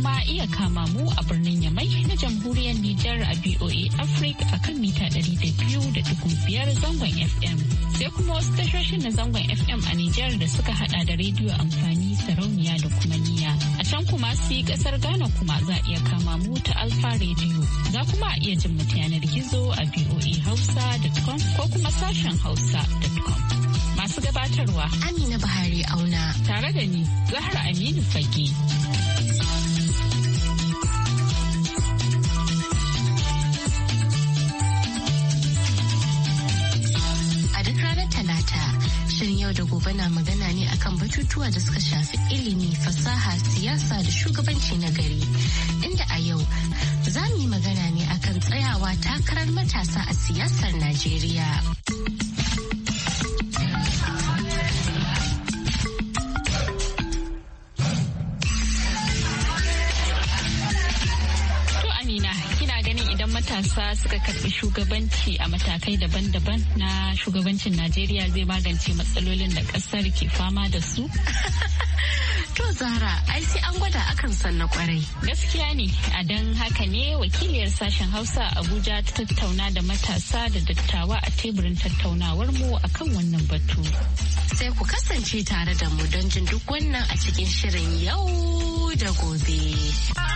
kuma iya kama mu a birnin Yamai na jamhuriyar Nijar a BOA Africa a kan mita 200.5 zangon FM. Sai kuma wasu tashoshin na zangon FM a Nijar da suka hada da rediyo amfani sarauniya da kuma niya. A can kuma su yi kasar Ghana kuma za a iya kama mu ta Alfa Radio. Za kuma a iya jin mata yanar gizo a BOA Hausa.com ko kuma sashen Hausa.com. Masu gabatarwa Amina Buhari Auna. Tare da ni Zahra Aminu Fage. yau da gobe na magana ne akan batutuwa da suka shafi ilimi, fasaha, siyasa da shugabanci na gari. Inda a yau za mu yi magana ne akan tsayawa takarar matasa a siyasar Najeriya. matasa suka karbi shugabanci a matakai daban-daban na shugabancin najeriya zai magance matsalolin da kasar ke fama da su To Zara, ai sai an gwada akan sanna kwarai. Gaskiya ne, a don haka ne wakiliyar sashen Hausa Abuja ta tattauna da matasa da dattawa a teburin tattaunawar mu akan wannan batu. Sai ku kasance tare da mu don jin duk wannan a cikin shirin yau da gobe.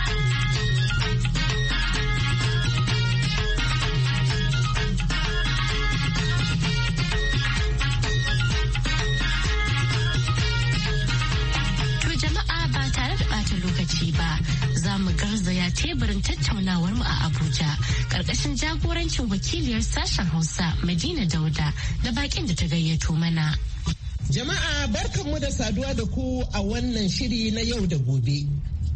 lokaci ba za mu garzaya teburin tattaunawar mu a Abuja ƙarƙashin jagorancin wakiliyar sashen Hausa Madina Dauda da bakin da ta gayyato mana. Jama'a barkanmu da saduwa da ku a wannan shiri na yau da gobe.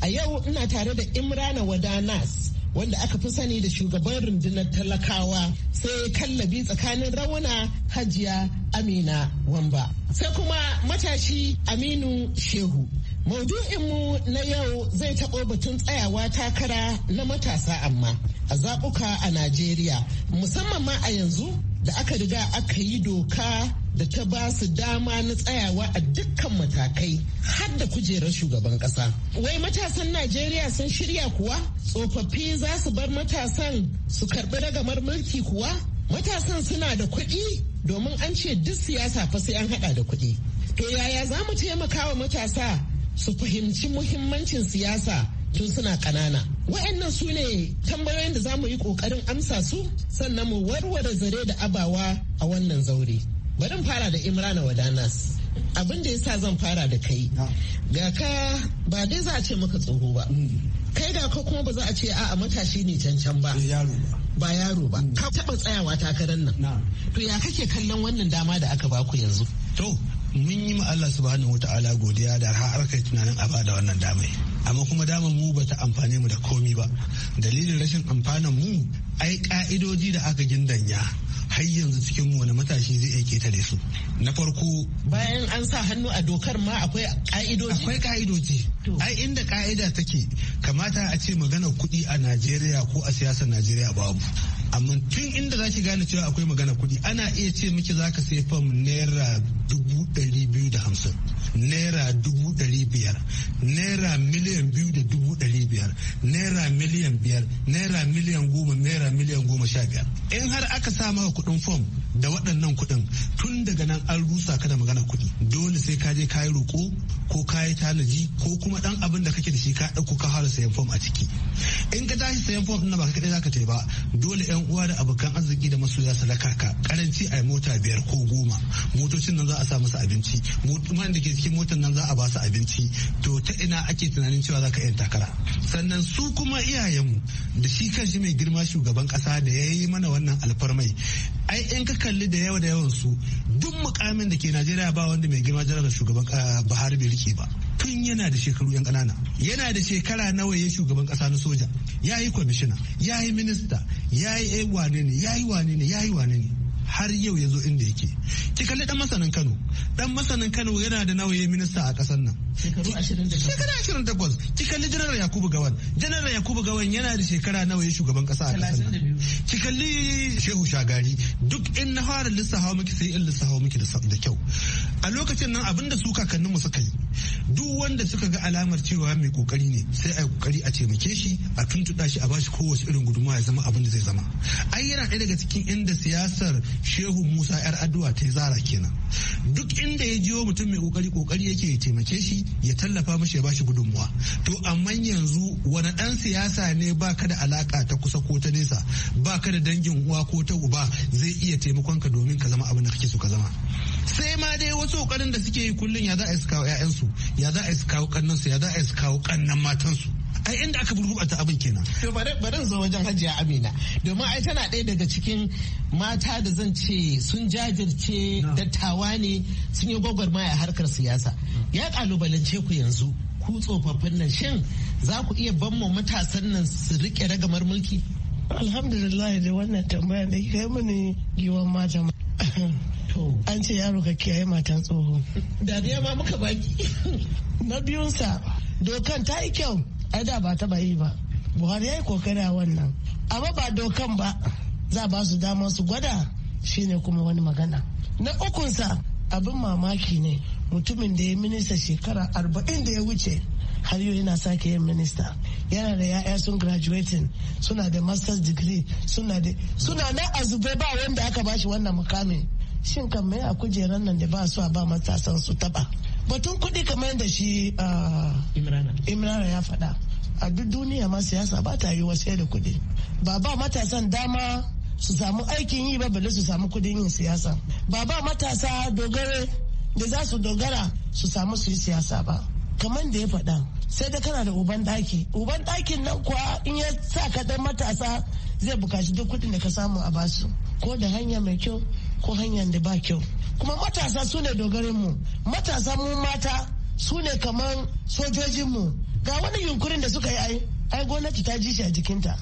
A yau ina tare da Imrana Wadanas. wanda aka fi sani da shugaban rundunar talakawa sai kallabi tsakanin rawuna hajiya amina wamba sai kuma matashi aminu shehu Maudu'inmu na yau zai taɓo batun tsayawa takara na matasa amma a zaɓuka a Najeriya musamman ma a yanzu da aka riga aka yi doka da ta ba su dama na tsayawa a dukkan matakai har da kujerar shugaban ƙasa. Wai matasan Najeriya sun shirya kuwa tsofaffi za su bar matasan su karɓi ragamar mulki kuwa matasan suna da kuɗi domin an ce duk siyasa fa sai an haɗa da kuɗi. To yaya za mu taimaka wa matasa su fahimci muhimmancin siyasa tun suna ƙanana. Wa'annan su ne tambayoyin da za mu yi ƙoƙarin amsa su sannan mu warware zare da abawa a wannan zaure. Bari fara da Imrana Wadanas. Abin da ya sa zan fara da kai. Ah. Ga ka ba dai za a ce maka tsoho ba. Hmm. Kai ga ka kuma ba za a ce a'a matashi ne cancan ba. ba yaro ba hmm. ka taɓa tsayawa takarar nan to ya kake kallon wannan dama da aka baku yanzu to mun yi ma Allah subhanahu ta'ala godiya da har kai tunanin a bada wannan damai amma kuma dama mu bata amfane mu da komi ba dalilin rashin amfanin mu ai ka'idoji da aka gindanya har yanzu cikin wani matashi zai iya da su na farko bayan an sa hannu a dokar ma akwai ka'idoji akwai ka'idoji ai inda ka'ida take kamata a ce magana kuɗi a najeriya ko a siyasar najeriya babu amma tun inda za ki gane cewa akwai magana kuɗi ana iya ce miki za ka sai fam naira dubu ɗari biyu da hamsin naira dubu ɗari biyar naira miliyan biyu da dubu ɗari biyar naira miliyan biyar naira miliyan goma naira miliyan goma sha biyar in har aka sa maka kuɗin fom da waɗannan kuɗin tun daga nan an rusa ka da magana kuɗi dole sai ka je ka yi roƙo ko ka yi tanaji ko kuma ɗan abin da kake da shi ka ɗauko ka fara sayan fom a ciki in ka tashi sayan fom na ba ka kaɗai zaka ba dole yan uwa da abokan arziki da masoya sadaka ka karanci a mota biyar ko goma motocin nan za a sa masa abinci man da ke cikin motar nan za a ba su abinci to ta ina ake tunanin cewa za ka yi takara sannan su kuma iyayenmu da shi kan shi mai girma shugaban kasa da ya yi mana wannan alfarmai ai in ka kalli da yawa da yawan su duk mukamin da ke najeriya ba wanda mai girma jarabar shugaban ah, buhari bai rike ba tun yana da shekaru yan kanana yana da shekara nawa ya shugaban kasa na soja ya yi kwamishina ya yi minista ya yi eh, wane ne ya yi wane ne ya yi wane ne har yau ya zo inda yake ki kalli dan masanin Kano dan masanin Kano yana da nawaye minista a kasar nan shekaru 28 ki kalli janar Yakubu Gawan janar Yakubu Gawan yana da shekara nawaye shugaban kasa a kasar nan ki kalli Shehu Shagari duk in na fara lissafa miki sai in lissafa miki da kyau a lokacin nan abinda su kakanninmu suka yi duk wanda suka ga alamar cewa mai kokari ne sai a yi kokari a taimake shi a tuntuɗa shi a bashi kowace irin gudunmawa ya zama abin da zai zama ai yana ɗaya daga cikin inda siyasar shehu musa yar addu'a ta zara kenan duk inda ya jiyo mutum mai kokari kokari yake ya taimake shi ya tallafa mashi ya bashi gudunmuwa to amma yanzu wani dan siyasa ne ba ka da alaka ta kusa ko ta nesa ba ka da dangin uwa ko ta uba zai iya taimakon ka domin ka zama abin da kake so ka zama sai ma dai wasu kokarin da suke yi kullum ya za a kawo 'ya'yansu ya za a kawo kannansu ya za a kawo kannan matansu ai inda aka gurgurta abin kenan to bare zo wajen hajiya amina domin ai tana ɗaya daga cikin mata da zan ce sun jajirce dattawa ne sun yi gwagwarmaya harkar siyasa ya kalubalance ku yanzu ku tsofaffin nan shin za ku iya ban mu matasan nan su rike ragamar mulki alhamdulillah da wannan tambaya da kai mini giwan mata an ce yaro ka kiyaye matan tsoho da ma muka baki na biyunsa dokan ta yi kyau ai da ba taba yi ba buhari ya yi kokari a wannan amma ba dokan ba za ba su dama su gwada shine kuma wani magana na ukunsa abin mamaki ne mutumin da ya minista shekara arba'in da ya wuce har yau yana sake yin minista yana da ya'ya sun graduating suna da master's degree suna da suna na azube ba wanda aka bashi wannan mukamin shin kan mai a kujeran nan da ba su a ba matasan su taba batun kuɗi kamar da shi ah, imrana ya faɗa a duk duniya ma siyasa ba ta yi wasu da kuɗi ba ba matasan dama su samu aikin yi ba bale su samu kuɗin yin siyasa ba ba matasa dogare da za su dogara su samu su yi siyasa ba kamar da ya faɗa sai da kana da uban ɗaki uban ɗakin nan kuwa in ya sa ka dan matasa zai bukaci duk kuɗin da ka samu a basu ko da hanya mai kyau ko hanyar da ba kyau kuma matasa su ne mu matasa mu mata su ne kamar sojojinmu ga wani yunkurin da suka yi ai ai gwamnati ta ji shi a jikinta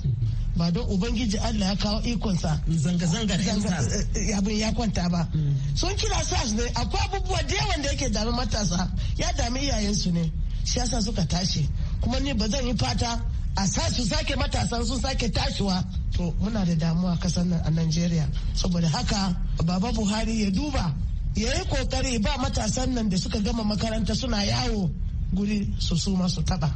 ba don ubangiji allah ya kawo ikonsa zanga-zangar zanga eh, abin ya kwanta ba mm. sun kira sas ne akwai abubuwa da yawan da yake dami matasa ya dami iyayensu ne shi yasa suka tashi kuma ni ba zan yi fata a sa su sake matasan sun sake tashiwa to muna da damuwa kasan nan a Najeriya saboda haka baba Buhari ya duba ya yi kokari ba matasan nan da suka gama makaranta suna yawo guri su suma su taba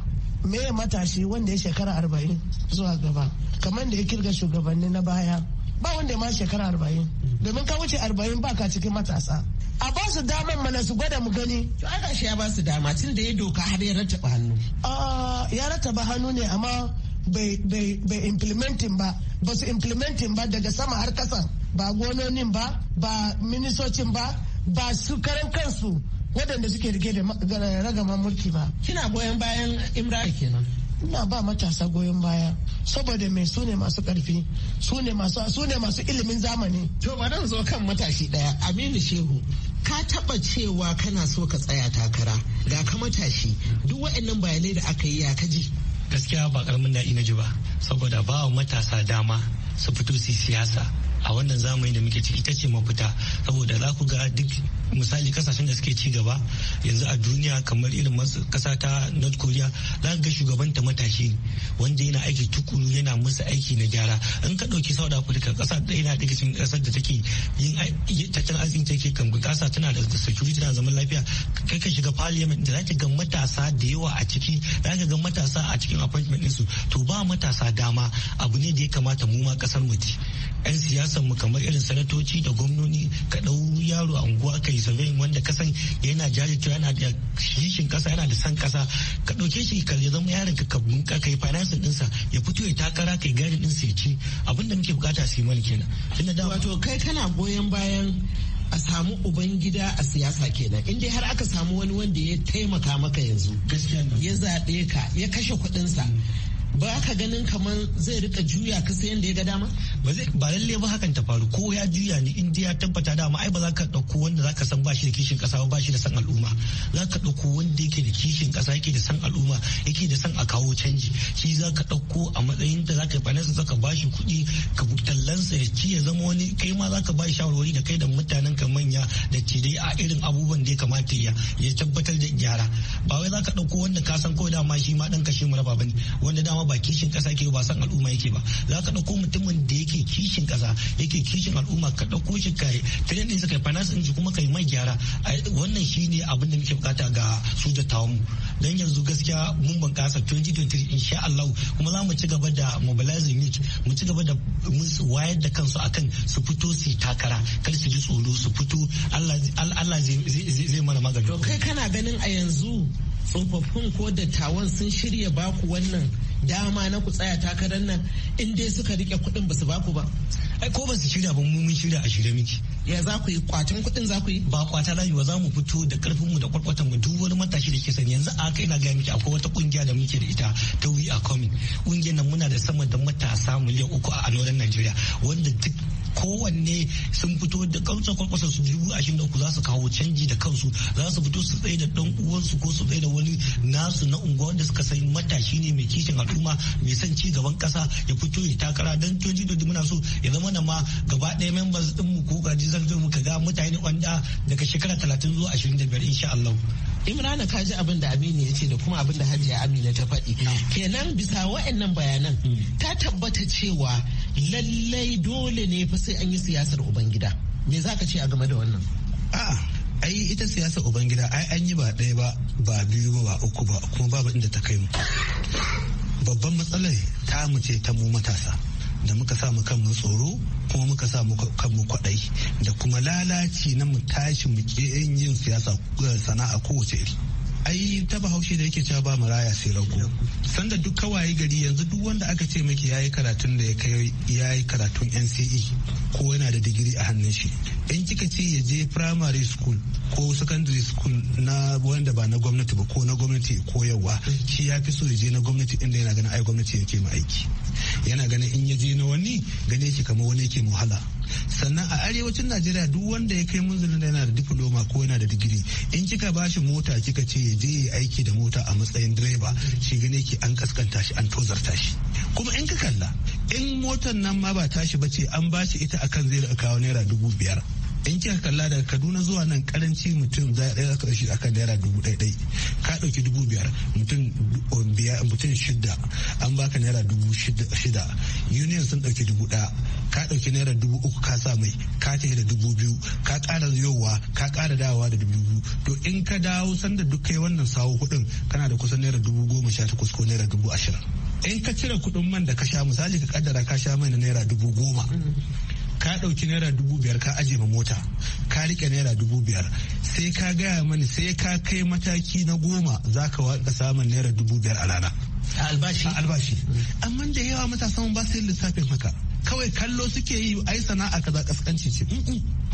me matashi wanda ya shekara arba'in zuwa gaba kamar da ya kirga shugabanni na baya ba wanda ya ma shekara arba'in domin ka wuce arba'in ba ka cikin matasa a ba su damar mana su gwada mu gani. To ai gashi ya ba su dama tun da ya doka har ya rataba hannu. ya rataba hannu ne amma bai implementing ba ba su implementing ba daga sama har kasa ba gononin ba ba minisocin ba ba su karan kansu waɗanda suke rike da ragaman mulki ba. Kina goyon bayan Imra kenan. ina ba matasa goyon baya saboda mai su ne masu karfi su ne masu ilimin zamani to ba zo kan matashi daya aminu shehu ka taba cewa kana so ka tsaya takara ga ka matashi duk waɗannan bayanai da aka yi ya kaji gaskiya ba karamin daɗi na ji ba saboda ba wa matasa dama su fito su siyasa a wannan zamani da muke ciki ta ce mafita saboda za ku ga duk misali kasashen da suke ci gaba yanzu a duniya kamar irin kasa ta north korea za ga shugaban ta matashi wanda yana aiki tukuru yana musu aiki na gyara in ka ɗauki south africa kasa ɗaya na daga cikin kasar da take yin tattalin arzikin take kan kasa tana da security tana zaman lafiya kai ka shiga parliament da zaka ga matasa da yawa a ciki zaka ga matasa a cikin appointment din su to ba matasa dama abu ne da ya kamata mu ma kasar mu ci 'yan siyasar mu kamar irin sanatoci da gwamnoni ka ɗau yaro a unguwa kai surveying wanda kasan yana jajircewa yana da shishin kasa yana da san kasa ka ɗauke shi ka zama yaron ka ka kai finance ɗinsa ya fito ya takara kai gari ɗin ya ci abinda muke bukata su yi mana kenan. Wato kai kana goyon bayan a samu ubangida a siyasa kenan inda har aka samu wani wanda ya taimaka maka yanzu ya zaɓe ka ya kashe kuɗinsa ba ka ganin kamar zai rika juya ka sai yadda ya ga dama ba zai ba lalle ba hakan ta faru ko ya juya ni in ya tabbata dama ai ba za ka dauko wanda za ka san bashi da kishin kasa ba bashi da san al'umma za ka dauko wanda yake da kishin kasa yake da san al'umma yake da san a kawo canji shi za ka dauko a matsayin da za ka fanasa za ka shi kuɗi ka tallansa ya ci ya zama wani kai ma za ka shi shawarwari da kai da mutanen ka manya da ci dai a irin abubuwan da ya kamata ya ya tabbatar da gyara ba wai za ka dauko wanda ka san ko dama shi ma dan kashe mu raba bane wanda dama ma ba kishin kasa yake ba san al'umma yake ba za ka ɗauko mutumin da yake kishin kasa yake kishin al'umma ka ɗauko shi kai tirin ɗinsa ka finance ɗin kuma kai mai gyara wannan shi ne abin da muke bukata ga su dattawan don yanzu gaskiya mun bunƙasa 2023 insha Allah kuma za mu ci gaba da mobilizing youth mu ci gaba da wayar da kansu akan su fito su takara kar su ji tsoro su fito Allah zai mana magana. To kai kana ganin a yanzu tsofaffin ko dattawan sun shirya baku wannan dama na ku tsaya takarar nan in dai suka rike kuɗin ba su baku ba ai ko ba su shirya ba mu mun shirya a shirya miki ya za ku yi kwatan kuɗin za ku yi ba kwata rayuwa za mu fito da karfin mu da kwarkwatan mu duk wani matashi da ke sani yanzu a kai na gaya miki akwai wata kungiya da muke da ita ta we are coming kungiyar nan muna da sama da matasa miliyan uku a anoran Najeriya wanda duk kowanne sun fito da kamsa kwakwasa su dubu ashirin da uku za su kawo canji da kansu za su fito su tsaye da dan uwansu ko su tsaye da wani nasu na unguwa wanda suka sayi matashi ne mai kishin a al'umma mai son ci gaban kasa ya fito ya takara don da muna so ya zama na ma gaba ɗaya members din mu ko gaji zan mu ka ga mutane wanda daga shekara talatin zuwa biyar insha Allah Imrana ka ji abin da Aminu ya ce da kuma abin da Hajiya Amina ta faɗi. Kenan bisa wa'annan bayanan hmm. ta tabbata cewa lallai dole ne fa sai an yi siyasar Ubangida. Me za ka ce a game da wannan? ai ita siyasar Ubangida ai an yi ba ɗaya ba ba biyu ba ba uku ba kuma babu inda ta kai mu. babban matsalar ta mu ce ta mu matasa da muka sa mu kanmu tsoro kuma muka sa mu kanmu kwadai da kuma lalaci na mu tashi mu yin siyasa eh, sana'a kowace iri ai ta bahaushe da yake cewa ba maraya sai rago sanda duk kawaye gari yanzu duk wanda aka ce miki yayi karatun da ya kai yayi karatun NCE ko yana da digiri a hannun shi in kika ce ya je primary school ko secondary school na wanda ba na gwamnati ba ko na gwamnati ko yawa shi ya fi so ya je na gwamnati inda yana ganin ai gwamnati yake ma aiki yana ganin in ya je na wani gane shi kamar wani yake muhala sannan a arewacin najeriya duk wanda ya kai munzulin da yana da diploma ko yana da digiri in kika bashi mota kika ce ya je ya aiki da mota a matsayin direba shi gane ki an kaskanta shi an tozarta shi kuma in ka kalla in motar nan ma ba tashi ba ce an bashi ita akan zai kawo naira dubu biyar in kika kalla daga kaduna zuwa nan karanci mutum za a ɗaya shi aka naira dubu ɗaya ɗai ka ɗauki dubu biyar mutum um, shida an baka naira dubu shida union sun ɗauki dubu ɗaya ka ɗauki naira dubu uku ka sa mai ka tafi da dubu biyu ka ƙara yowa ka ƙara dawowa da dubu biyu to in ka dawo sanda duk kai wannan sawo kuɗin kana da kusan naira dubu goma sha takwas ko naira dubu ashirin in ka cire kuɗin man da ka sha misali ka kaddara ka sha mai na naira dubu goma ka ɗauki naira dubu biyar ka ajiye ma mota ka rike naira dubu biyar sai ka gaya mani sai ka kai mataki na goma za ka waka samun naira dubu biyar a rana a albashi a albashi amma da yawa matasan ba su lissafin haka kawai kallo suke yi ai sana'a kaza kaskanci ce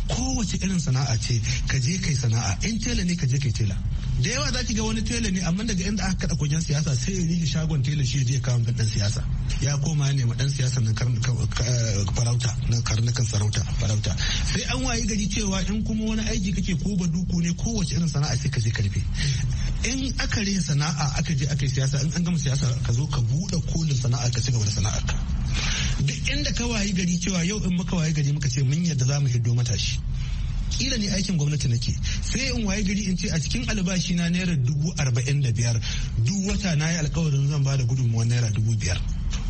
kowace irin sana'a ce ka je kai sana'a in tela ne ka je kai tela da yawa za ki ga wani tela ne amma daga inda aka kada kujen siyasa sai ya rike shagon tela shi je kawo dan siyasa ya koma ne ma dan siyasa na eh, farauta na karnukan sarauta farauta sai an wayi gari cewa in kuma wani aiki kake ko ba duku ne kowace irin sana'a sai ka je karfe in aka rage sana'a aka je aka yi siyasa in an gama siyasa ka zo ka buɗe kolin sana'a ka ci gaba da sana'ar ka duk inda ka wayi gari cewa yau in muka wayi gari muka ce mun yadda za mu hiddo matashi kila ne aikin gwamnati nake sai in waye gari in ce a cikin albashi na naira dubu arba'in da biyar duk wata na yi alkawarin zan bada gudunmuwar naira dubu biyar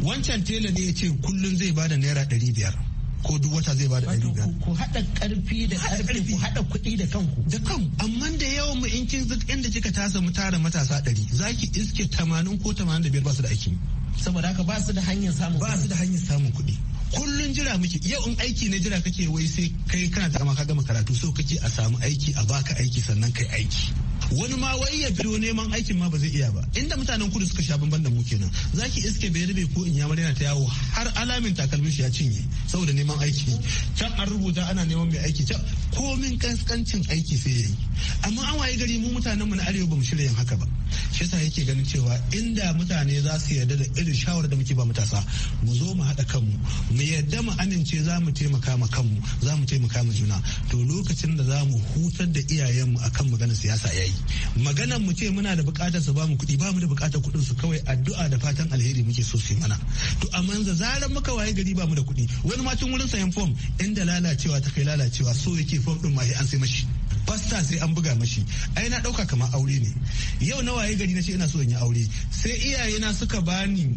wancan tela ne ya ce kullum zai bada naira ɗari biyar ko duk wata zai bada ɗari biyar. Ku haɗa ƙarfi da ƙarfi ku haɗa kuɗi da kanku. Da kan amma da yawan mu in kin inda kika tasa mu tara matasa ɗari zaki iske tamanin ko tamanin da biyar ba su da aiki. saboda haka ba su da hanyar samun ba su da hanyar samun kuɗi kullun jira muke yau in aiki na jira kake wai sai kai kana ta ka gama karatu so kake a samu aiki a baka aiki sannan kai aiki wani ma wai ya biyo neman aikin ma ba zai iya ba inda mutanen kudu suka sha bamban da mu kenan zaki iske bai rube ko in ya yana ta yawo har alamin takalmin shi ya cinye saboda neman aiki can an rubuta ana neman mai aiki can komin kaskancin aiki sai yayi amma an waye gari mu mutanen mu na arewa bamu shirya yin haka ba shi yasa yake ganin cewa inda mutane za su yarda da irin shawarar da muke ba matasa mu zo mu haɗa kanmu mu yarda mu amince za mu taimaka ma kanmu za mu taimaka ma juna to lokacin da za mu hutar da iyayenmu a kan maganar siyasa yayi maganan mu ce muna da bukatar su bamu kuɗi bamu da bukatar kuɗin su kawai addu'a da fatan alheri muke so su mana to amma yanzu zaran muka waye gari bamu da kuɗi wani ma tun wurin sayan fom inda lalacewa ta kai lalacewa so yake fom din ma an sai mashi fasta sai an buga mashi ai na ɗauka kamar aure ne yau na waye gari na ce ina so in yi aure sai iyayena suka bani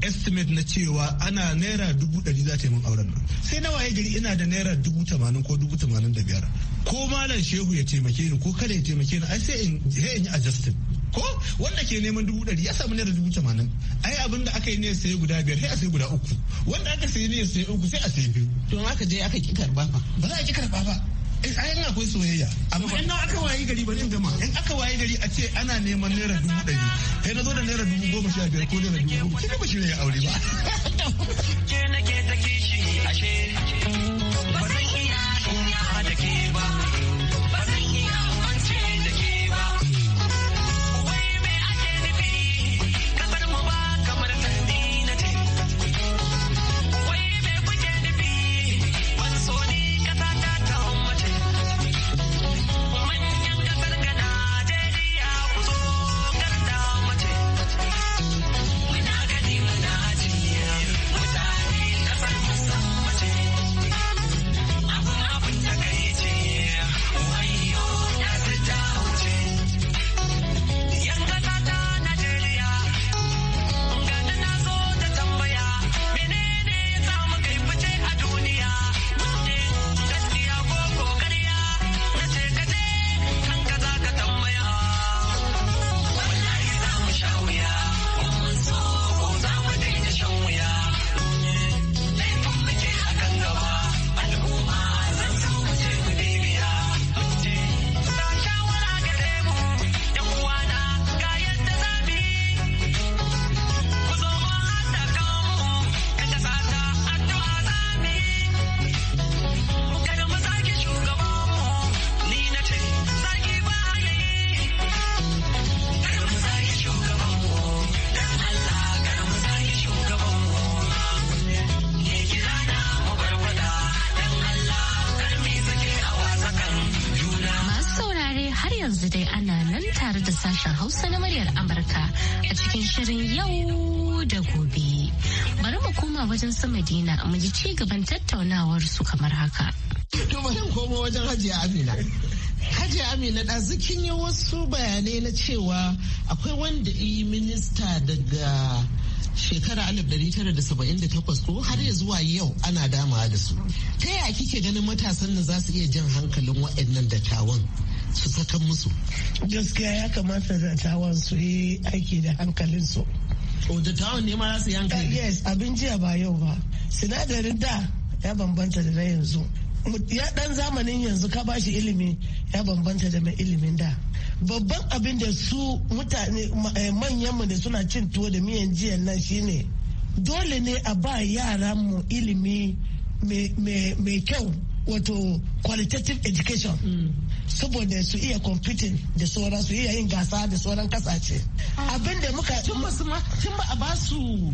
estimate na cewa ana naira dubu ɗari za ta yi min auren nan sai na waye gari ina da naira dubu tamanin ko dubu tamanin da biyar ko malam shehu ya taimake ni ko kada ya taimake ni ai sai in yi adjusted ko wanda ke neman dubu ɗari ya samu naira dubu tamanin ai abin da aka yi ne sai guda biyar sai a sai guda uku wanda aka sai ne sai uku sai a sai biyu to aka je aka ki karba ba ba za a ki karba ba Eh, ayin akwai soyayya amma in aka gari bari in gama in aka wayi gari a ce ana neman naira dubu ɗari kai na zo da naira dubu goma sha biyar ko naira dubu goma ba shi ne ya aure ba wajen sama dina, mu ji ci gaban tattaunawar su kamar haka. To bari komo wajen Hajiya Amina. Hajiya Amina da zikin yi wasu bayanai na cewa akwai wanda yi minista daga shekara 1978 ko har ya zuwa yau ana dama da su. Ta yaya kike ganin matasan nan za su iya jan hankalin waɗannan dattawan su saka musu? Gaskiya ya kamata dattawan su yi aiki da hankalin O oh, dattawan ne ma za su yanka Yes, abin jiya ba yau ba. Sinadarin da ya bambanta da na yanzu. Ya dan zamanin yanzu ka bashi ilimi ya bambanta da mai ilimin da. Babban abin da su mutane eh, manyanmu da suna cin tuwo da miyan jiyan nan shine dole ne a ba yaranmu ilimi mai kyau wato qualitative education. Mm. saboda su iya competing da sauran su iya yin gasa da sauran kasashe abin da muka tun ba tun ba a ba su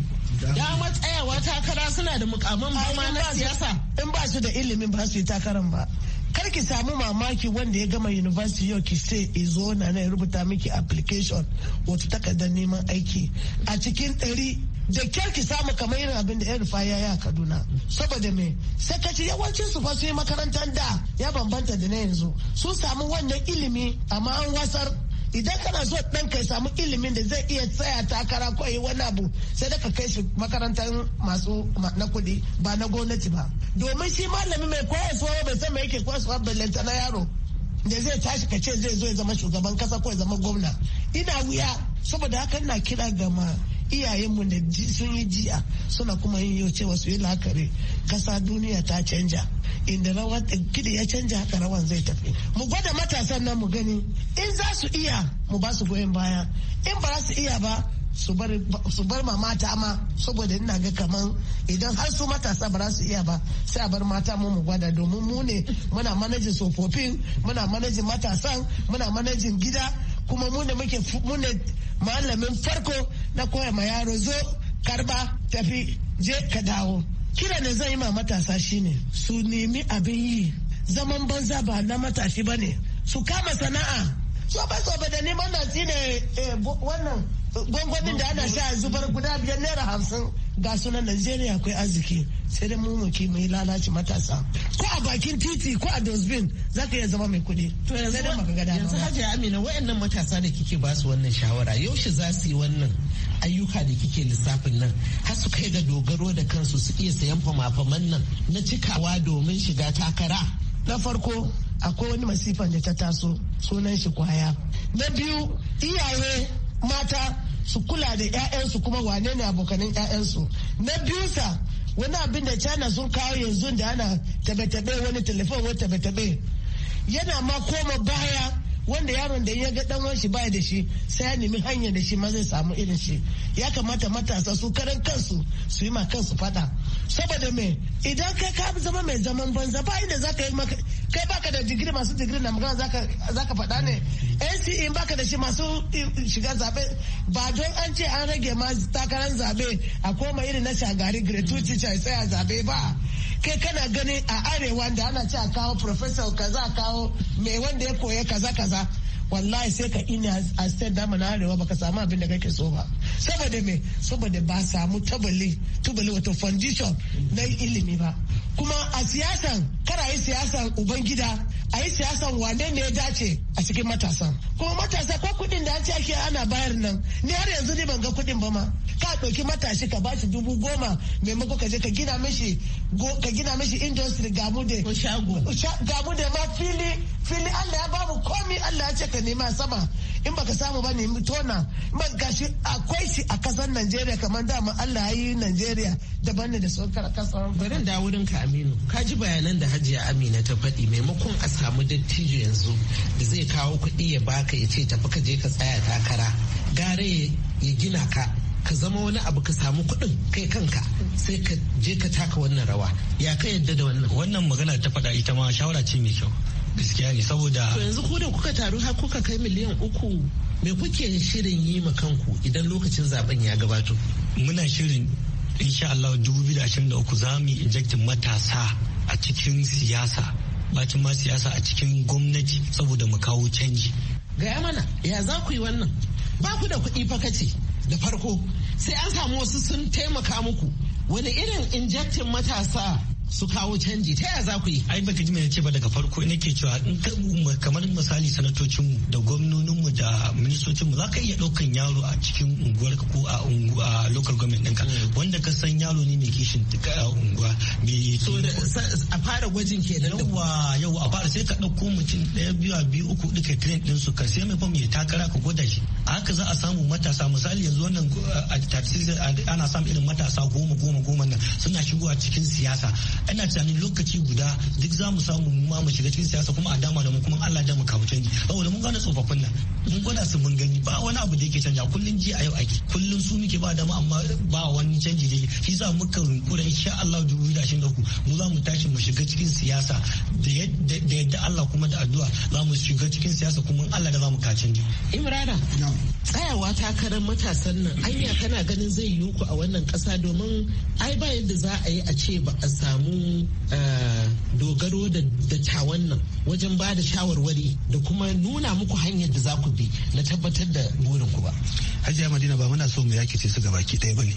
dama tsayawa takara suna da mukamman ba na siyasa in ba su da ilimin ba su yi takaran ba kar ki samu mamaki wanda ya gama university yau ki ce eh, zo na na rubuta miki application wato takardar neman aiki a cikin ɗari da kyar ki samu kamar irin abin da rufa ya yi a kaduna saboda me sakaci yawancin su fa su yi makarantar da ya bambanta da na yanzu su samu wannan ilimi amma an wasar idan kana so dan kai samu ilimin da zai iya tsaya takara ko yi wani abu sai da ka kai shi makarantar masu na kuɗi ba na gwamnati ba domin shi malami mai koyarwa bai san me yake koyarwa lanta na yaro da zai tashi ka ce zai zo ya zama shugaban kasa ko ya zama gwamna ina wuya saboda haka ina kira ga ma iyayenmu da sun yi jiya suna kuma yin yau cewa su yi lakare kasa duniya ta canja inda rawan kidi ya canja haka rawan zai tafi mu gwada matasan nan mu gani in za su iya mu ba su goyon baya in ba su iya ba su bar ma mata ma saboda ina ga kaman idan har su matasa ba su iya ba sai a bar mata mu gwada domin mu ne muna manajin tsofaffin muna manajin matasan muna manajin gida kuma mu ne muke mu ne malamin farko na koya ma yaro zo karba tafi je ka dawo kira ne zan yi ma matasa shine su nemi abin yi zaman banza ba na matashi ba ne su kama sana'a so ba da neman na ne eh, wannan gwangwanin da ana sha zubar guda biyar naira hamsin ga sunan Najeriya akwai arziki sai dai mun wuce mai lalaci matasa ko a bakin titi ko a dosbin za ka iya zama mai kuɗi to yanzu dai maka gada yanzu Hajiya Amina wayannan matasa da kike ba su wannan shawara yaushe za su yi wannan ayyuka da kike lissafin nan har su kai ga dogaro da kansu su iya sayan fama-faman nan na cikawa domin shiga takara na farko akwai wani masifan da ta taso sunan shi kwaya na biyu iyaye mata su kula da 'ya'yansu kuma wane ne abokanin 'ya'yansu na biyu sa wani abin da china sun kawo yanzu da ana tabe-tabe wani telefon wani tabe-tabe yana ma koma baya wanda yaron da ya ga dan shi baya da shi sai ya nemi hanya da shi ma zai samu irin shi ya kamata matasa su karan kansu su yi ma kansu fada saboda me idan kai ka zama mai zaman banza ba inda zaka yi maka kai baka da digiri masu digiri na magana za ka fada ne NCE baka da shi masu shiga zabe ba don an ce an rage ma takarar zabe a koma irin na shagari gratuity sai a zabe ba kai kana ganin a arewa da ana ce a kawo professor kaza kawo mai wanda ya koya kaza kaza wallahi sai ka ina a state dama na arewa baka samu abin da kake so ba saboda me saboda ba samu tabali tubali wato foundation na ilimi ba kuma a siyasan kara yi siyasan ubangida a yi siyasan wane ne ya dace a cikin matasan kuma matasa ko kudin ya ce ake ana bayar nan ni har yanzu ni ban ga kuɗin ba ma ka ɗauki matashi ka bashi dubu goma maimako ka je ka gina mishi ka gina mishi industry gamu da gamu da ma fili fili Allah ya babu komi Allah ya ce ka nema sama in baka samu ba ne tona ba gashi akwai shi a kasar Najeriya kamar dama Allah yi Najeriya daban ne da saukar kasar bari da wurin ka Aminu ka ji bayanan da Hajiya Amina ta faɗi maimakon a samu dattijo yanzu da zai kawo kuɗi ya baka ya ce tafi ka je ka tsaya takara gare ya gina ka ka zama wani abu ka samu kuɗin kai kanka sai ka je ka taka wannan rawa ya ka yadda da wannan wannan magana ta faɗa ita ma shawara ce mai kyau gaskiya ne saboda yanzu ko da kuka taru har kuka kai miliyan uku me kuke shirin yi ma kanku idan lokacin zaben ya gabato muna shirin insha Allah 2023 za mu injectin matasa a cikin siyasa bacin ma siyasa a cikin gwamnati saboda mu kawo canji gaya mana ya za ku yi wannan ba ku da kuɗi fakace da farko sai an samu wasu sun taimaka muku wani irin injectin matasa su kawo canji ta yaya za ku yi ai baka ji mai ce ba daga farko ina ke cewa in kamar misali sanatocinmu da gwamnoninmu da ministocinmu za ka iya ɗaukan yaro a cikin unguwar ko a unguwa local government ɗinka mm. wanda ka san yaro ne mai kishin a unguwa so a fara gwajin ke da yawa yau a fara sai ka ɗauko mutum ɗaya biyu a biyu uku duka train ɗin su ka sai mai fam ya takara ka gwada shi haka za a samu matasa misali yanzu wannan a ana samun irin matasa goma goma goma nan suna shigowa cikin siyasa ina tunanin lokaci guda duk za mu samu mu ma mu shiga cikin siyasa kuma a dama da mu kuma Allah da mu kawo canji saboda mun gane tsofaffin nan mun gwada su mun gani ba wani abu da yake canja kullun ji a yau ake kullun su muke ba dama amma ba wani canji da yake shi yasa muka rinkura insha Allah 2023 mu za mu tashi mu shiga cikin siyasa da yadda Allah kuma da addu'a za mu shiga cikin siyasa kuma Allah da za mu ka canji Imrana tsayawa takarar matasan nan anya kana ganin zai yiwu ku a wannan kasa domin ai ba yadda za a yi a ce ba a samu wajen dogaro da dattawan nan wajen ba da shawarwari da kuma nuna muku hanyar da za ku bi na tabbatar da burinku ba. Hajiya Madina ba muna so mu yaki ce su gaba ki ɗaya ba ne.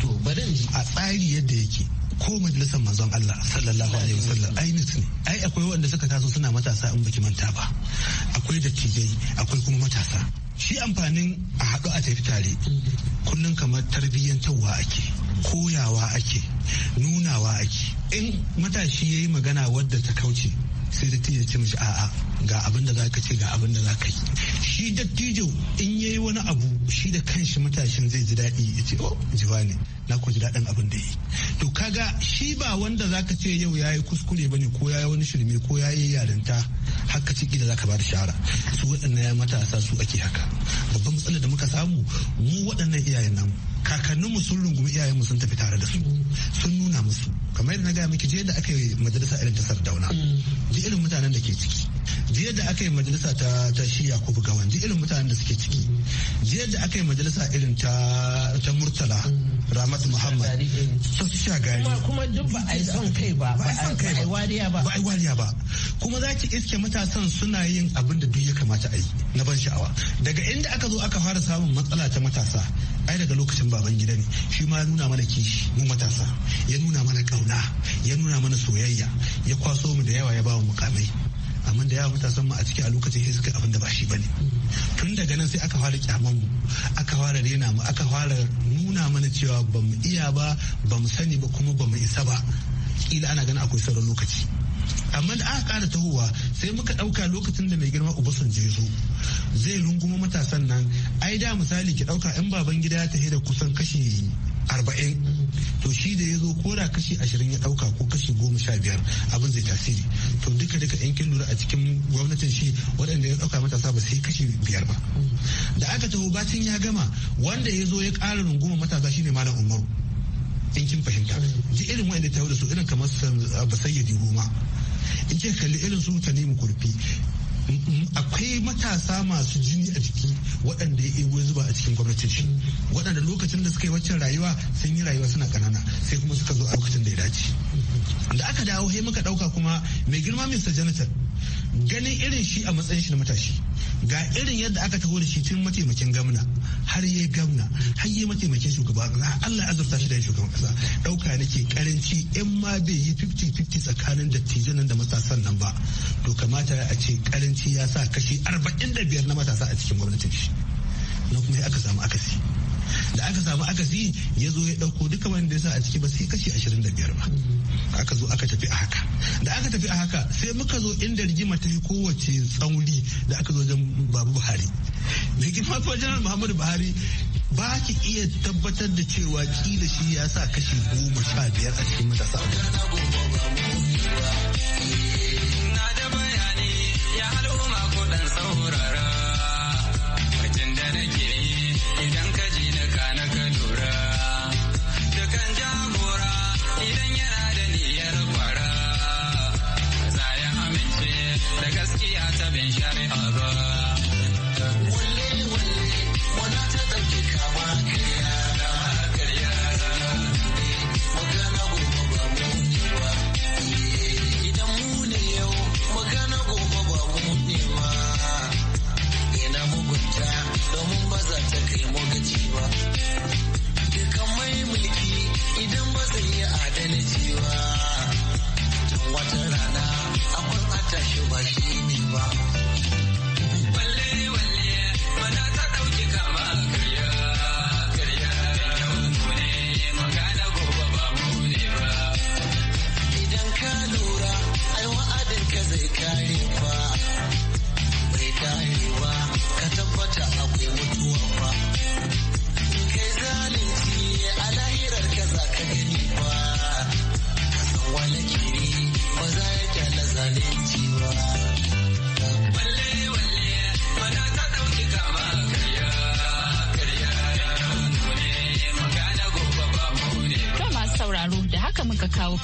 to bari a tsari yadda yake ko majalisar manzon Allah sallallahu alaihi wasallam ai ne ai akwai wanda suka taso suna matasa in baki manta ba akwai dattijai akwai kuma matasa shi amfanin a haɗu a tafi tare mm. kullum kamar tarbiyyantarwa ake koyawa ake nunawa ake in matashi ya yi magana wadda ta kauce sai da ya ce mishi a'a ga abin da zaka ce ga abin da zaka yi shi dattijo in ya yi wani abu shi da kanshi matashin zai ji daɗi ya ce oh jiwa ne na ku ji daɗin abin da yi to kaga shi ba wanda zaka ce yau ya yi kuskure ba ne ko ya yi wani shirme ko ya yi yarinta haka ciki da zaka da shara su waɗannan matasa su ake haka babban matsalar da muka samu mu waɗannan iyayen namu kakanninmu sun rungumi iyayenmu sun tafi tare da su sun nuna musu kamar yadda na gaya miki je da aka yi majalisa irin ta sardauna mm. ji irin mutanen da ke ciki jiya da aka yi majalisa ta ta shi yakubu gawan ji irin mutanen da suke ciki jiya da aka yi majalisa irin ta ta murtala ramat muhammad sun sha gari kuma duk ba a yi son kai ba ba a son kai ba wariya ba ba a yi wariya ba kuma za ki iske matasan suna yin abin da duk ya kamata a yi na ban sha'awa daga inda aka zo aka fara samun matsala ta matasa ai daga lokacin baban gida ne shi ma ya nuna mana kishi mu matasa ya nuna mana kauna ya nuna mana soyayya ya kwaso mu da yawa ya ba mu mukamai amma da yawa matasan mu a ciki a lokacin sai suka abin da ba shi bane tun daga nan sai aka fara kyaman aka fara rena mu aka fara nuna mana cewa ba mu iya ba ba mu sani ba kuma ba mu isa ba kila ana ganin akwai sauran lokaci amma da aka kara tahowa sai muka ɗauka lokacin da mai girma obasanjo ya zo zai runguma matasan nan ai da misali ki ɗauka in baban gida ta da kusan kashi arba'in to shi da ya zo ko da kashi ashirin ya dauka ko kashi goma sha biyar abin zai tasiri to duka duka yan kin lura a cikin gwamnatin shi waɗanda ya dauka matasa ba sai kashi biyar ba da aka taho bacin ya gama wanda ya zo ya ƙara runguma matasa shine malam umaru in kin fahimta ji irin wanda ta da su irin kamar basayyadi goma in ce kalli irin su tanimu kurfi akwai matasa masu jini a jiki waɗanda ya iya zuba a cikin gwamnatin shi waɗanda lokacin da suka yi waccan rayuwa sun yi rayuwa suna kanana sai kuma suka zo a lokacin da ya dace da aka dawo sai muka ɗauka kuma mai girma sa jonathan ganin irin shi a matsayin shi na matashi ga irin yadda aka taho da shi tun mataimakin gwamna har ya gamna har ya mataimakin shugaban kasa Allah azurta shi da shugaban kasa dauka nake karanci in ma bai yi 50-50 tsakanin dattijan nan da matasan nan ba to kamata a ce karanci ya sa kashi 45 na matasa a cikin gwamnatin shi na kuma aka samu akasi da aka samu akasi ya zo ya ɗauko duka wanda ya sa a ciki ba sai kashi ashirin da biyar ba aka zo aka tafi a haka da aka tafi a haka sai muka zo inda rigima ta yi kowace tsauri da aka zo wajen babu buhari da rigima ta wajen muhammadu buhari ba ki iya tabbatar da cewa kila shi ya sa kashi goma sha biyar a cikin matasa na da bayani ya al'umma saurara da bin shari'a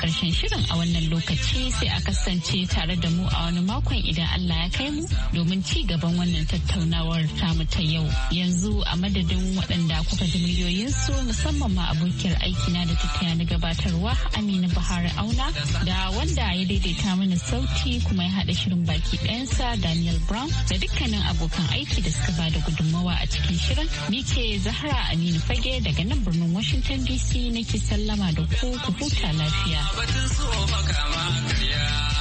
karshen shirin a wannan lokaci sai a kasance tare da mu a wani makon idan Allah ya kai mu domin ci gaban wannan tattaunawar tamu ta yau. Yanzu a madadin waɗanda kuka ji miliyoyinsu musamman ma abokiyar aikina da ta na gabatarwa aminu Buhari Auna da wanda ya daidaita mana sauti kuma ya haɗa shirin baki ɗayansa Daniel Brown da dukkanin abokan aiki da suka ba da gudunmawa a cikin shirin. Ni ke Zahra Aminu Fage daga nan birnin Washington DC nake sallama da ku ku huta lafiya. batun so makama kariya.